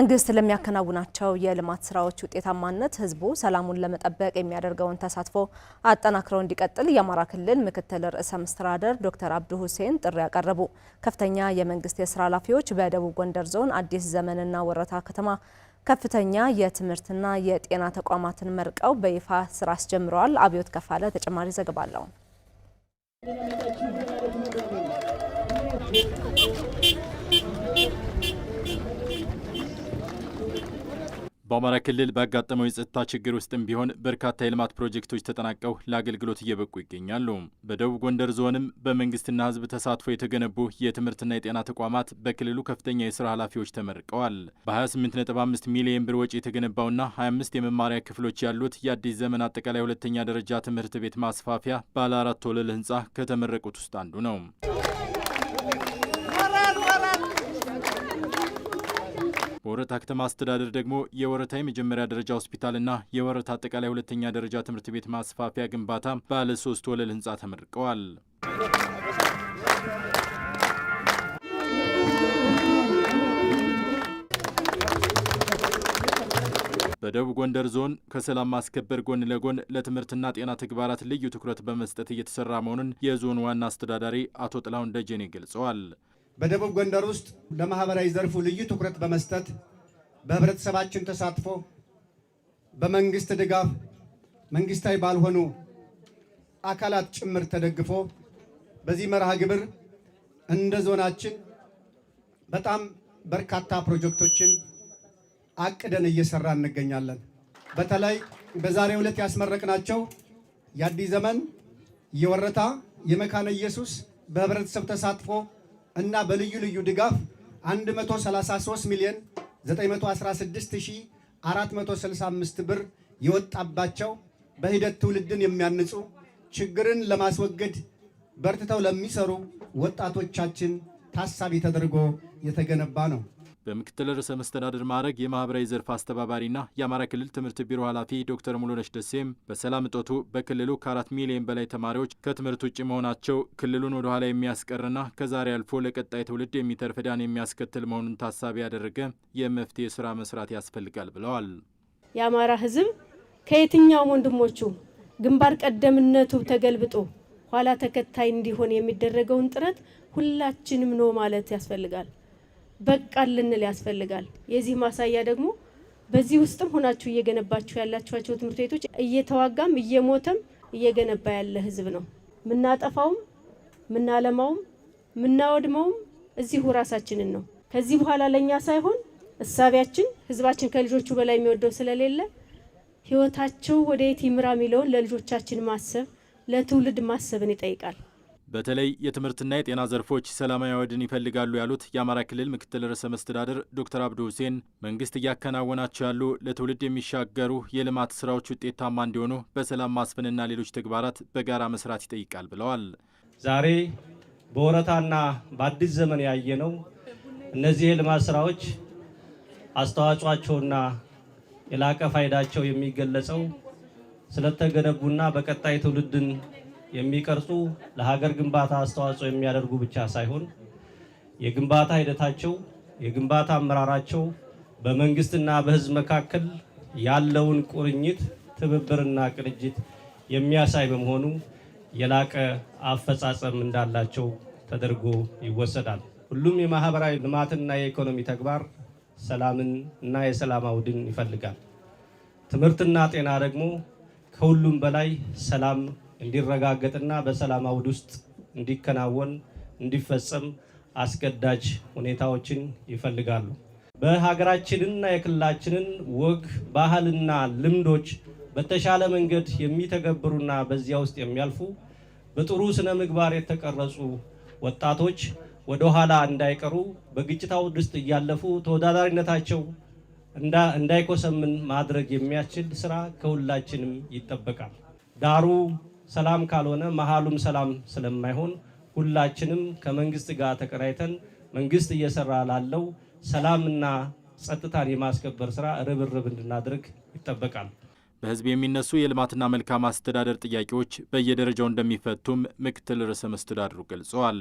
መንግስት ለሚያከናውናቸው የልማት ስራዎች ውጤታማነት ህዝቡ ሰላሙን ለመጠበቅ የሚያደርገውን ተሳትፎ አጠናክረው እንዲቀጥል የአማራ ክልል ምክትል ርዕሰ መስተዳደር ዶክተር አብዱ ሁሴን ጥሪ ያቀረቡ። ከፍተኛ የመንግስት የስራ ኃላፊዎች በደቡብ ጎንደር ዞን አዲስ ዘመንና ወረታ ከተማ ከፍተኛ የትምህርትና የጤና ተቋማትን መርቀው በይፋ ስራ አስጀምረዋል። አብዮት ከፋለ ተጨማሪ ዘገባ አለው። በአማራ ክልል ባጋጠመው የጸጥታ ችግር ውስጥም ቢሆን በርካታ የልማት ፕሮጀክቶች ተጠናቀው ለአገልግሎት እየበቁ ይገኛሉ። በደቡብ ጎንደር ዞንም በመንግስትና ሕዝብ ተሳትፎ የተገነቡ የትምህርትና የጤና ተቋማት በክልሉ ከፍተኛ የስራ ኃላፊዎች ተመርቀዋል። በ28.5 ሚሊዮን ብር ወጪ የተገነባውና 25 የመማሪያ ክፍሎች ያሉት የአዲስ ዘመን አጠቃላይ ሁለተኛ ደረጃ ትምህርት ቤት ማስፋፊያ ባለ አራት ወለል ህንፃ ከተመረቁት ውስጥ አንዱ ነው። በወረታ ከተማ አስተዳደር ደግሞ የወረታ የመጀመሪያ ደረጃ ሆስፒታልና የወረታ አጠቃላይ ሁለተኛ ደረጃ ትምህርት ቤት ማስፋፊያ ግንባታ ባለ ሶስት ወለል ህንፃ ተመርቀዋል። በደቡብ ጎንደር ዞን ከሰላም ማስከበር ጎን ለጎን ለትምህርትና ጤና ተግባራት ልዩ ትኩረት በመስጠት እየተሰራ መሆኑን የዞኑ ዋና አስተዳዳሪ አቶ ጥላሁን ደጀኔ ገልጸዋል። በደቡብ ጎንደር ውስጥ ለማህበራዊ ዘርፉ ልዩ ትኩረት በመስጠት በህብረተሰባችን ተሳትፎ በመንግስት ድጋፍ መንግስታዊ ባልሆኑ አካላት ጭምር ተደግፎ በዚህ መርሃ ግብር እንደ ዞናችን በጣም በርካታ ፕሮጀክቶችን አቅደን እየሰራ እንገኛለን። በተለይ በዛሬው ዕለት ያስመረቅናቸው የአዲስ ዘመን፣ የወረታ፣ የመካነ ኢየሱስ በህብረተሰብ ተሳትፎ እና በልዩ ልዩ ድጋፍ 133 ሚሊዮን 916465 ብር የወጣባቸው በሂደት ትውልድን የሚያንጹ ችግርን ለማስወገድ በርትተው ለሚሰሩ ወጣቶቻችን ታሳቢ ተደርጎ የተገነባ ነው። በምክትል ርዕሰ መስተዳድር ማዕረግ የማህበራዊ ዘርፍ አስተባባሪና የአማራ ክልል ትምህርት ቢሮ ኃላፊ ዶክተር ሙሉነሽ ደሴም በሰላም እጦቱ በክልሉ ከአራት ሚሊዮን በላይ ተማሪዎች ከትምህርት ውጭ መሆናቸው ክልሉን ወደኋላ የሚያስቀርና ከዛሬ አልፎ ለቀጣይ ትውልድ የሚተርፍ ዕዳን የሚያስከትል መሆኑን ታሳቢ ያደረገ የመፍትሄ ስራ መስራት ያስፈልጋል ብለዋል። የአማራ ህዝብ ከየትኛውም ወንድሞቹ ግንባር ቀደምነቱ ተገልብጦ ኋላ ተከታይ እንዲሆን የሚደረገውን ጥረት ሁላችንም ነው ማለት ያስፈልጋል። በቃ ልንል ያስፈልጋል። የዚህ ማሳያ ደግሞ በዚህ ውስጥም ሆናችሁ እየገነባችሁ ያላችኋቸው ትምህርት ቤቶች እየተዋጋም እየሞተም እየገነባ ያለ ህዝብ ነው። ምናጠፋውም ምናለማውም ምናወድመውም እዚሁ ራሳችንን ነው። ከዚህ በኋላ ለእኛ ሳይሆን እሳቢያችን ህዝባችን ከልጆቹ በላይ የሚወደው ስለሌለ ህይወታቸው ወደ የት ይምራ የሚለውን ለልጆቻችን ማሰብ ለትውልድ ማሰብን ይጠይቃል። በተለይ የትምህርትና የጤና ዘርፎች ሰላማዊ አወድን ይፈልጋሉ ያሉት የአማራ ክልል ምክትል ርዕሰ መስተዳድር ዶክተር አብዱ ሁሴን መንግስት እያከናወናቸው ያሉ ለትውልድ የሚሻገሩ የልማት ስራዎች ውጤታማ እንዲሆኑ በሰላም ማስፈንና ሌሎች ተግባራት በጋራ መስራት ይጠይቃል ብለዋል። ዛሬ በወረታና በአዲስ ዘመን ያየነው እነዚህ የልማት ስራዎች አስተዋጽኦአቸውና የላቀ ፋይዳቸው የሚገለጸው ስለተገነቡና በቀጣይ ትውልድን የሚቀርጹ ለሀገር ግንባታ አስተዋጽኦ የሚያደርጉ ብቻ ሳይሆን የግንባታ ሂደታቸው የግንባታ አመራራቸው በመንግስትና በህዝብ መካከል ያለውን ቁርኝት ትብብርና ቅንጅት የሚያሳይ በመሆኑ የላቀ አፈጻጸም እንዳላቸው ተደርጎ ይወሰዳል። ሁሉም የማህበራዊ ልማትና የኢኮኖሚ ተግባር ሰላምን እና የሰላም አውድን ይፈልጋል። ትምህርትና ጤና ደግሞ ከሁሉም በላይ ሰላም እንዲረጋገጥና በሰላም አውድ ውስጥ እንዲከናወን እንዲፈጸም አስገዳጅ ሁኔታዎችን ይፈልጋሉ። በሀገራችንና የክልላችንን ወግ ባህልና ልምዶች በተሻለ መንገድ የሚተገብሩና በዚያ ውስጥ የሚያልፉ በጥሩ ስነ ምግባር የተቀረጹ ወጣቶች ወደ ኋላ እንዳይቀሩ በግጭት አውድ ውስጥ እያለፉ ተወዳዳሪነታቸው እንዳይኮሰምን ማድረግ የሚያስችል ስራ ከሁላችንም ይጠበቃል። ዳሩ ሰላም ካልሆነ መሀሉም ሰላም ስለማይሆን ሁላችንም ከመንግስት ጋር ተቀናይተን መንግስት እየሰራ ላለው ሰላምና ጸጥታን የማስከበር ስራ ርብርብ እንድናደርግ ይጠበቃል። በህዝብ የሚነሱ የልማትና መልካም አስተዳደር ጥያቄዎች በየደረጃው እንደሚፈቱም ምክትል ርዕሰ መስተዳድሩ ገልጸዋል።